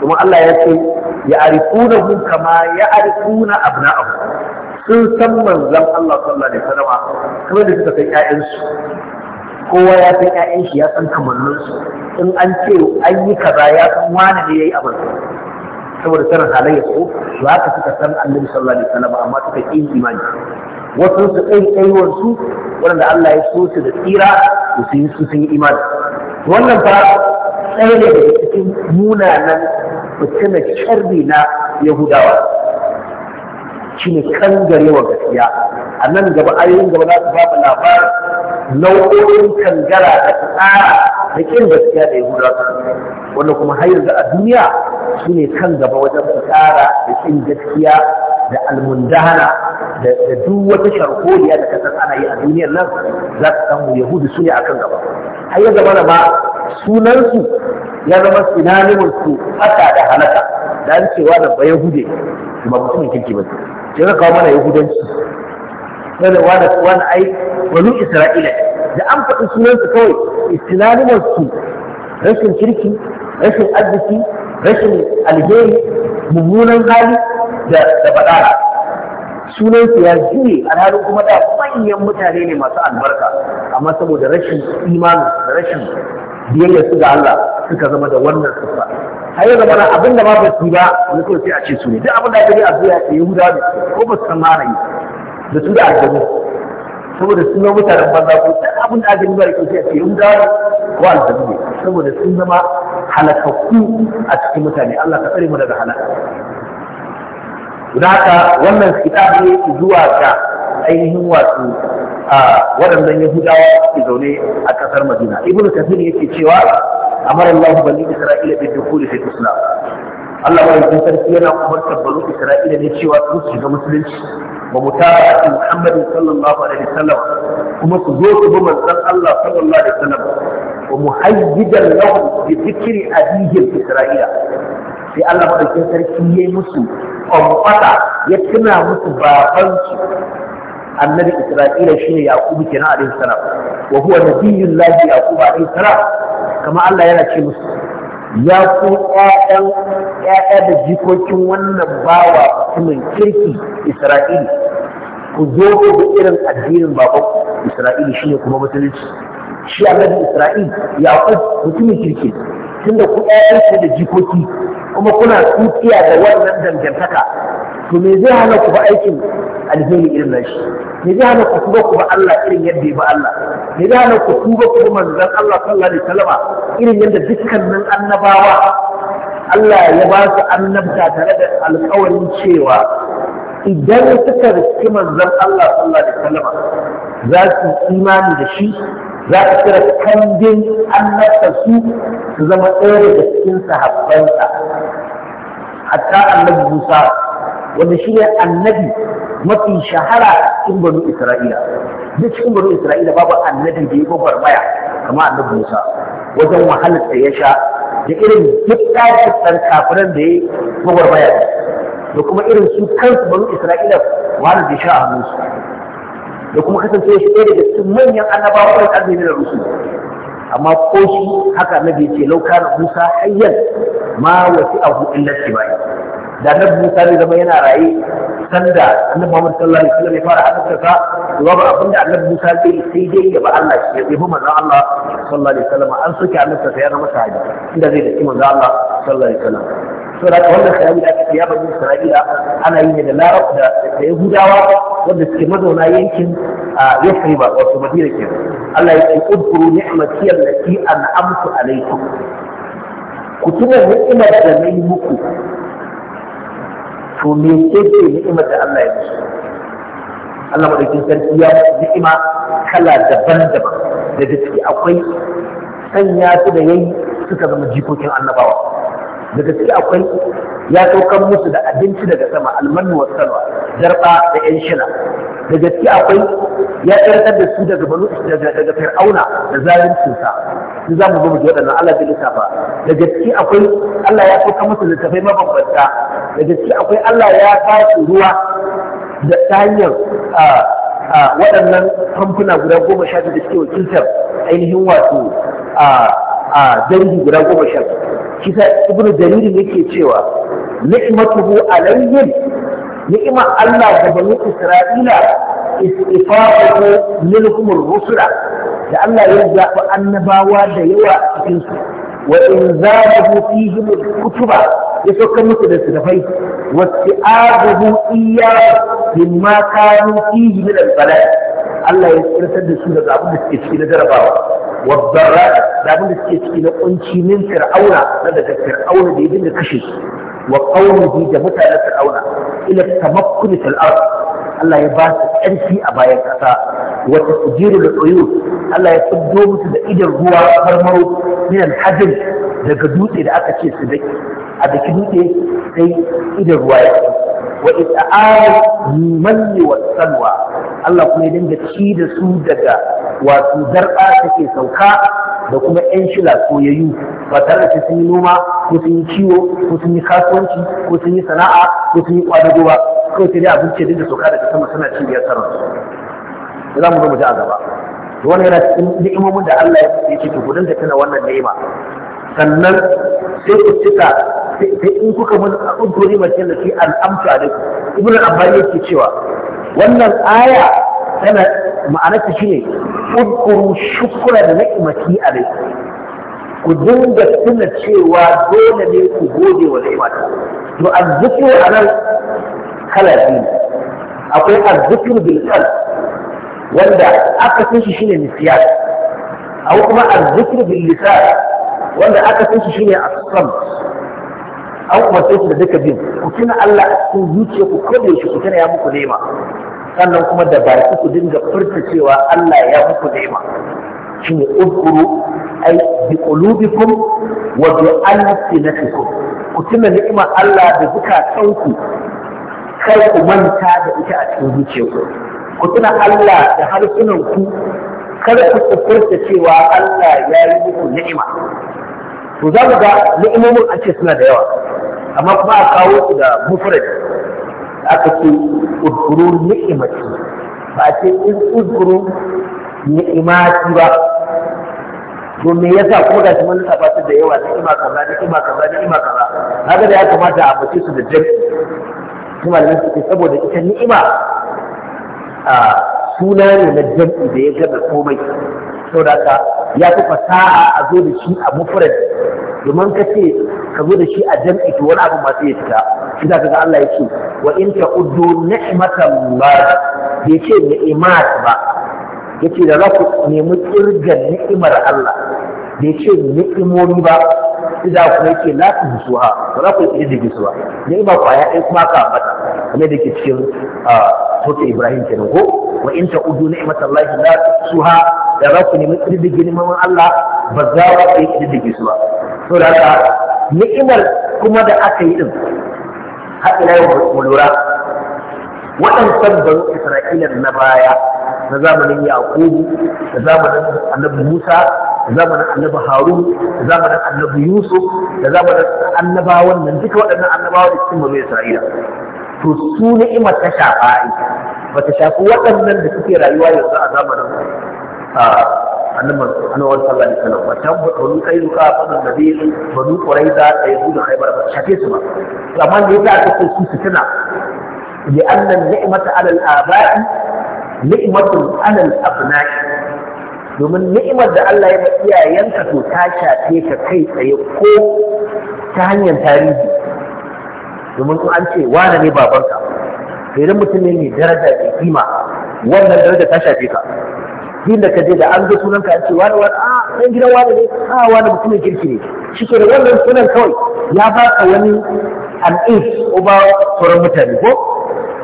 kuma Allah ya ce ya arifuna hu kama ya arifuna abna'ahu sun san manzon Allah sallallahu alaihi wasallam kamar da suka san ƴaƴansu kowa ya san ƴaƴan shi ya san kamannin su in an ce an yi kaza ya san wani ne yayi abin saboda sanin halayya su ba haka suka san Annabi sallallahu alaihi wasallam amma suka yi imani wasu su kai kaiwar su wanda Allah ya so su da tsira su yi su sun yi imani wannan fa ɗaya ne daga cikin munanan fitinar sharri na yahudawa shine garewa gaskiya a nan gaba ayoyin gaba za su babu labarin nau'o'in kangara da tsara da kin gaskiya da yahudawa wanda kuma har yanzu a duniya su ne kan gaba wajen tsara da kin gaskiya da almundana da duk wata sharholiya da kasar ana yi a duniyar nan za ka samu yahudu su ne a kan gaba har ya zama ba sunansu ya zama sinanimin su haka da halaka da an cewa da ba yahude ba mutumin kirki ba ce ka kawo mana yahudanci sai da wani wani ai banu isra'ila da an faɗi sunansu kawai sinanimin su rashin kirki rashin arziki rashin alheri mummunan hali da Sunan su ya juye halin kuma da manyan mutane ne masu albarka amma saboda rashin imanin da rashin biyayya su ga Allah suka zama da wannan siffa har yanzu mana abin da ma ba su ba wani kawai sai a ce su ne duk abin da aka yi a zuwa ya eh, yahuda ne ko ba su san mara yi da su da aljanu saboda sun zama mutanen banza ko duk abin da aka yi ba ya kawai sai a ce yahuda ne ko aljanu ne saboda sun zama halakakku a cikin mutane Allah ka tsare mu daga halaka don haka wannan kitab ne zuwa ga ainihin wato waɗannan yahudawa suke zaune a ƙasar madina ibn kafir yake cewa amar allah bani isra'ila bi dukhuli fi islam Allah ya yi sarki yana umartar bani isra'ila ne cewa su shiga musulunci ba mu ta a muhammadin sallallahu alaihi wasallam kuma su zo su bi manzon allah sallallahu alaihi wasallam wa muhayyidan lahum bi dhikri abihim isra'ila sai Allah madaukin sarki ya yi musu kwamfata ya tuna musu babansu annabi isra'ila shine Yakubu kenan alaihi salam wa huwa nabiyullahi a alaihi sana? kama Allah yana ce musu ya ku ƴaƴan ƴaƴa da jikokin wannan bawa mutumin kirki isra'ili ku zo ku bi irin addinin baban isra'ili shine kuma musulunci shi annabi isra'il yaqub mutumin kirki tunda ku ƴaƴan da jikoki kuma kuna tutiya da wannan dangantaka to me zai hana ku ba aikin alheri irin nashi me zai hana ku tuba ku ba Allah irin yadda ya ba Allah me zai hana ku tuba ku ba manzon Allah sallallahu alaihi wasallam irin yadda dukkanin annabawa Allah ya ba su annabta tare da alƙawarin cewa idan suka riski manzon Allah sallallahu alaihi wasallam za su imani da shi za su kira kambin annabta su su zama ɗaya daga cikin sahabbansa hatta annabi Musa wanda shi ne annabi mafi shahara cikin banu isra'ila duk cikin banu isra'ila babu annabi da ya gobar maya kama annabi musa wajen wahalar da ya sha da irin duk ɗakin kafiran da ya gobar maya da kuma irin su kansu banu isra'ila wahalar da ya sha a hannunsu da kuma kasance shi ɗaya daga cikin manyan annabawa da ƙarfi da rusu amma ko shi haka annabi ya ce lauka na musa hayyan ma wasi abu illa tibai da annabi Musa bai zama yana raye sanda annabi Muhammad sallallahu alaihi wasallam ya fara hadasa sa babu abinda annabi Musa zai sai dai ya ba Allah ya bi manzon Allah sallallahu alaihi wasallam an soke annabi sa ya zama sahabi inda zai da manzon Allah sallallahu alaihi wasallam to da wannan sahabi da ake ya bani Isra'ila ana yin da Larab da Yahudawa wanda suke mazauna yankin Yasriba wato Madina kenan Allah ya ce udkuru ni'mati allati an'amtu alaikum ku tuna ni'imar da nayi muku to me ce ce ni'imar da Allah ya musu Allah madaukin sarki ya ni'ima kala daban-daban da gaske akwai sanya su da yayi suka zama jikokin annabawa da gaske akwai ya saukar musu da abinci daga sama almanu wa salwa zarba da yan shila da gaske akwai ya ƙarƙar da su daga banu daga fir'auna da zalincin sa su za mu zo mu ji waɗannan Allah zai lissafa da gaske akwai Allah ya sauka musu littafai mabambanta da gaske akwai Allah ya su ruwa da ta hanyar waɗannan famfuna guda goma sha biyu da suke wakiltar ainihin wato a dangi guda goma sha biyu shi sa ibnu jaririn yake cewa ni'matuhu alayhim ni'imar Allah da bani Isra'ila istifaqatu minhum rusula da Allah ya zaɓi annabawa da yawa a cikin su wa inzalahu fihim ya saka musu da sirfai wa isti'abuhu iyyahu mimma kanu fihi min al-bala'i Allah ya tsirtar da su daga abin da suke ciki na jarabawa wa da abin da suke ciki na kunci min fir'auna na daga fir'auna da ya dinga kashe su وقومه da mutanen fir'auna ila tamakkuni fil ard Allah ya ba su ƙarfi a bayan ƙasa wa tasjiru da tsoyu Allah ya tsaddo musu da idon ruwa farmaro min al-hajr daga dutse da aka ce su da a daki dutse sai idon ruwa ya ci wa ita'ar manni wa salwa Allah kuma ya dinga ci da su daga wato zarɓa take sauka da kuma 'yan shila soyayyu ba tare da sun yi noma ko sun yi kiwo ko sun yi kasuwanci ko sun yi sana'a ko sun yi kwadago ba kawai sai dai abinci dinga sauka daga sama suna ci biyar sarar za mu zo mu ji a gaba wani yana cikin ni'imomin da Allah ya ce to gudun da tana wannan ni'ima sannan sai ku cika sai in kuka mun uduri mace da shi al'amta da ku ibnu abbas yake cewa wannan aya tana ma'anarsa ne udkuru shukura da na'imaki a alai ku dinga tuna cewa dole ne ku gode wa na'imata. to a nan kala biyu akwai azzikiru bil wanda aka san shi shine nisyan Akwai kuma azzikiru bil wanda aka san shi shine as an kuma su da duka biyu. ku tuna Allah a cikin zuciya ku kome shi ku tana ya muku nema sannan kuma da baki ku dinga furta cewa Allah ya muku ni'ima shine udkuru ay bi qulubikum wa bi alsinatikum ku tuna ni'ima Allah da zukatanku kar ku manta da ita a cikin zuciyarku ku tuna Allah da harsunanku kar ku furta cewa Allah ya yi muku ni'ima to za mu ga ni'imomin a ce suna da yawa amma kuma a kawo su da mufrad aka ce uzkuru ni'imati ba a ce in uzkuru ni'imati ba domin me yasa kuma ga mun lissafa su da yawa ni'ima kaza ni'ima kaza ni'ima kaza kaga da ya kamata a bace su da jami'i kuma da suke saboda ita ni'ima a suna ne na jam'i da ya gaba komai saboda ka ya fi fasaha a zo da shi a mufrad domin ka ce ka zo da shi a jam'i to wani abu masu ya ta, shi za ka ga Allah ya ce wa in ta uddu ni'matan ba bai ce ni'imat ba yace da za ku nemi kirgan ni'imar Allah bai ce ni'imomi ba idan kuma yake la ku bisuha ba za ku yi da bisuha ni'ima kwaya ɗaya kuma ka ambata kamar da ke cikin sauke Ibrahim kenan ko wa in ta'udu ni'matallahi la tusuha da za ku nemi kirgin ni'imar Allah ba za ku yi kirgin su ba saboda haka ni'imar kuma da aka yi din har ila yau mu lura waɗansan banu isra'ila na baya na zamanin yaqubu da zamanin annabi musa da zamanin annabi harun da zamanin annabi yusuf da zamanin annabawan nan duka waɗannan annabawan cikin banu isra'ila to su ni'imar ta shafa ba ta shafi waɗannan da suke rayuwa yanzu a zamanin annabi sallallahu alaihi wasallam wa tabu banu kairuka banu nadir banu quraiza da yahudu khaybar ba shafe su ba amma ne yasa aka ce su fitina li anna ni'mata ala al-aba'i ni'matun ala al-abna'i domin ni'imar da Allah ya ba iyayenka to ta shafe ka kai tsaye ko ta hanyar tarihi domin an ce wane ne babanka idan mutum ne mai daraja ke kima wannan daraja ta shafe ka din da ka je da an ga sunan ka ce wani wani a ah, ɗan gidan wani ne a ah, wani mutumin kirki ne shi ke da wannan sunan kawai ya ba ka wani an is uba sauran mutane ko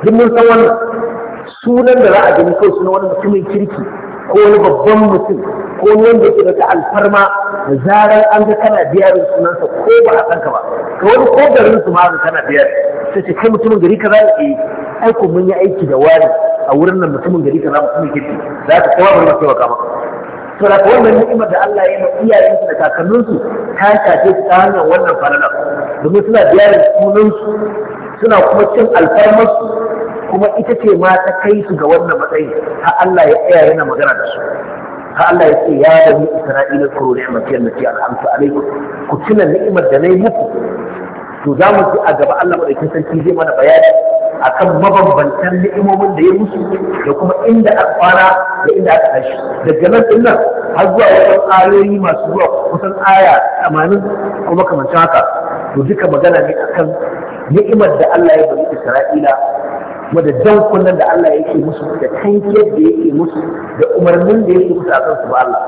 duk mun san wannan sunan da za a gani kawai sunan wani mutumin kirki ko wani babban mutum ko wani wanda ke da alfarma da zarar an ga kana biyarin sunansa ko ba a san ka ba ka wani ko garin su ma kana biyar sai ce kai mutumin gari kaza za eh, ai yi mun yi aiki da wani a wurin nan mutumin gari kaza mutumin kirki za ka kowa bari maka maka to da wannan ni'imar da Allah ya yi iyayensu da kakanninsu ta shafe su ta hanyar wannan falala domin suna biyarin sunansu suna kuma cin alfarmarsu kuma ita ce ma ta kai su ga wannan matsayi ha Allah ya tsaya yana magana da su Ha Allah ya ce ya bani Isra'ila kuro ni'imar da ke alhamdu alaikum ku tuna ni'imar da na yi muku to za mu ji a gaba Allah madaukakin sarki zai mana bayani akan mabambantan ni'imomin da ya musu da kuma inda aka fara da inda aka tashi daga nan din nan har zuwa wajen ayoyi masu zuwa kusan aya 80 kuma kamar haka to duka magana ne akan ni'imar da Allah ya bari Isra'ila kuma da dankunan da Allah yake musu da tankiyar da yake musu da umarnin da yake musu a su ba Allah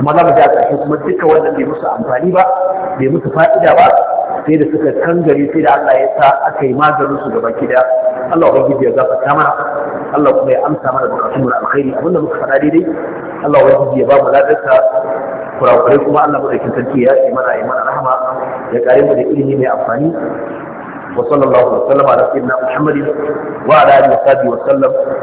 amma za mu ji a kuma duka wannan bai musu amfani ba bai musu fa'ida ba sai da suka kangare sai da Allah ya sa aka yi maganin su gaba gida Allah ubangiji ya gafarta mana Allah kuma ya amsa mana bukatun mu na alkhairi abinda muka faɗa daidai Allah ubangiji ya ba mu ladarsa kurakurai kuma Allah madaukin sarki ya yi mana yi mana rahama ya kare mu da ilimi mai amfani Wa wa sallallahu alaihi وصلى الله وسلم على سيدنا محمد وعلى اله wa sallam.